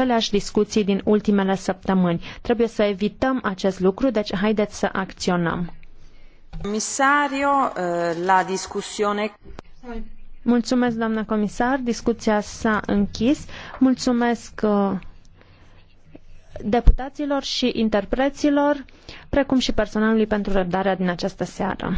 aceleași discuții din ultimele săptămâni. Trebuie să evităm acest lucru, deci haideți să acționăm. Comisario, uh, la discussione... Mulțumesc, doamna comisar. Discuția s-a închis. Mulțumesc uh, deputaților și interpreților, precum și personalului pentru răbdarea din această seară.